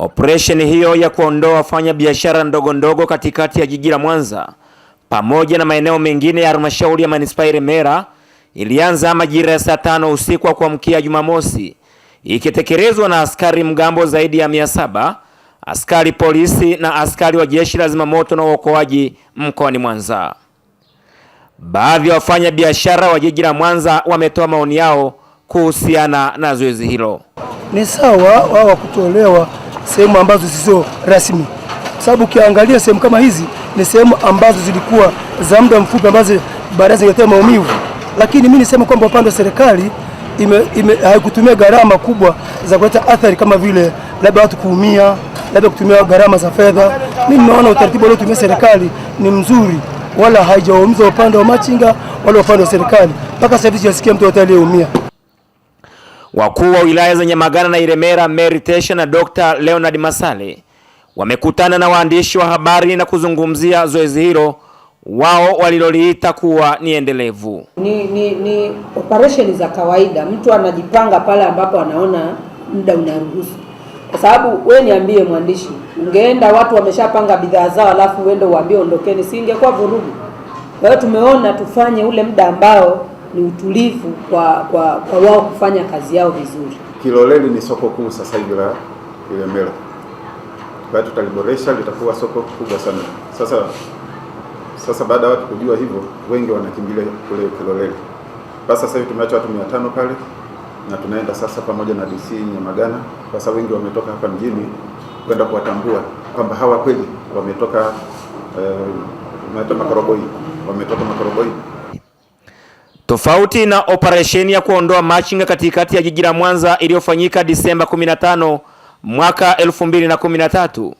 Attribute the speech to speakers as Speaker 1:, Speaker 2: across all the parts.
Speaker 1: Operesheni hiyo ya kuondoa wafanya biashara ndogo ndogo katikati ya jiji la Mwanza pamoja na maeneo mengine ya halmashauri ya manispaa Ilemela ilianza majira ya saa tano usiku wa kuamkia Jumamosi, ikitekelezwa na askari mgambo zaidi ya mia saba, askari polisi na askari wa jeshi la zimamoto na uokoaji mkoani Mwanza. Baadhi ya wafanya biashara wa jiji la Mwanza wametoa maoni yao kuhusiana na zoezi hilo.
Speaker 2: Ni sawa wao kutolewa sehemu ambazo zisizo rasmi, sababu ukiangalia sehemu kama hizi ni sehemu ambazo zilikuwa za muda mfupi ambazo baadaye zingetoa maumivu, lakini mimi nisema kwamba upande wa serikali haikutumia gharama kubwa za kuleta athari kama vile labda watu kuumia, labda kutumia gharama za fedha. Mimi nimeona utaratibu uliotumia serikali ni mzuri, wala haijaumiza upande wa machinga wala upande wa serikali. Mpaka sasa hivi sijasikia mtu yote aliyeumia.
Speaker 1: Wakuu wa wilaya za Nyamagana na Ilemela, Mary Tesha na Dr. Leonard Masale wamekutana na waandishi wa habari na kuzungumzia zoezi hilo wao waliloliita kuwa ni endelevu.
Speaker 3: Ni, ni, ni operation za kawaida, mtu anajipanga pale ambapo anaona muda unaruhusu, kwa sababu we niambie, mwandishi, ungeenda watu wameshapanga bidhaa zao alafu uende uambie ondokeni, si ingekuwa vurugu? Kwa hiyo tumeona tufanye ule muda ambao ni utulivu kwa kwa, kwa wao kufanya kazi yao vizuri.
Speaker 4: Kiloleli ni soko kuu sasa hivi la Ilemela, kwa hiyo tutaliboresha, litakuwa soko kubwa sana. Sasa sasa baada ya watu kujua hivyo, wengi wanakimbilia kule Kiloleli. Basi sasa hivi tumeacha watu mia tano pale na tunaenda sasa pamoja na DC Nyamagana, kwa sababu wengi wametoka hapa mjini kwenda kuwatambua kwamba hawa kweli wametoka, eh, wametoka Makoroboi, wametoka Makoroboi.
Speaker 1: Tofauti na operesheni ya kuondoa machinga katikati ya jiji la Mwanza iliyofanyika Disemba 15 mwaka 2013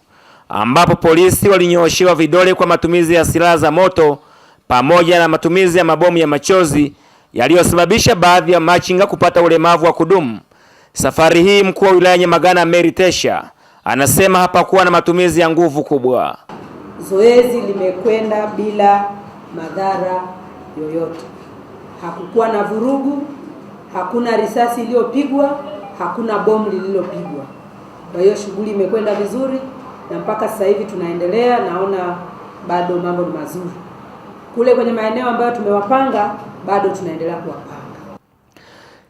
Speaker 1: ambapo polisi walinyooshewa vidole kwa matumizi ya silaha za moto pamoja na matumizi ya mabomu ya machozi yaliyosababisha baadhi ya machinga kupata ulemavu wa kudumu. Safari hii mkuu wa wilaya Nyamagana Mary Tesha anasema hapakuwa na matumizi ya nguvu kubwa.
Speaker 3: Zoezi limekwenda bila madhara yoyote hakukuwa na vurugu, hakuna risasi iliyopigwa, hakuna bomu lililopigwa. Kwa hiyo shughuli imekwenda vizuri na mpaka sasa hivi tunaendelea, naona bado mambo ni mazuri. Kule kwenye maeneo ambayo tumewapanga bado tunaendelea kuwapanga.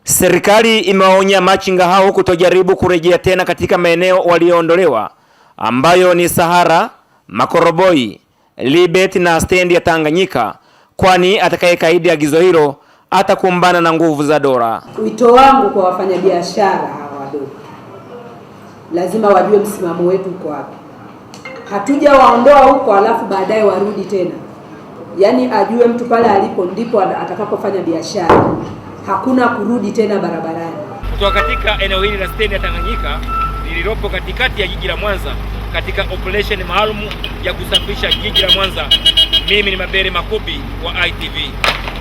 Speaker 1: Serikali imewaonya machinga hao kutojaribu kurejea tena katika maeneo walioondolewa ambayo ni Sahara, Makoroboi, Libet na stendi ya Tanganyika kwani atakayekaidi agizo hilo atakumbana na nguvu za dola.
Speaker 3: Wito wangu kwa wafanyabiashara hawa wadogo, lazima wajue msimamo wetu uko wapi. Hatujawaondoa huko alafu baadaye warudi tena, yaani ajue mtu pale alipo ndipo atakapofanya biashara. Hakuna kurudi tena barabarani.
Speaker 1: Kutoka katika eneo hili la stendi ya Tanganyika lililopo katikati ya jiji la Mwanza katika operation maalum ya kusafisha jiji la Mwanza mimi ni Mabere Makubi wa ITV.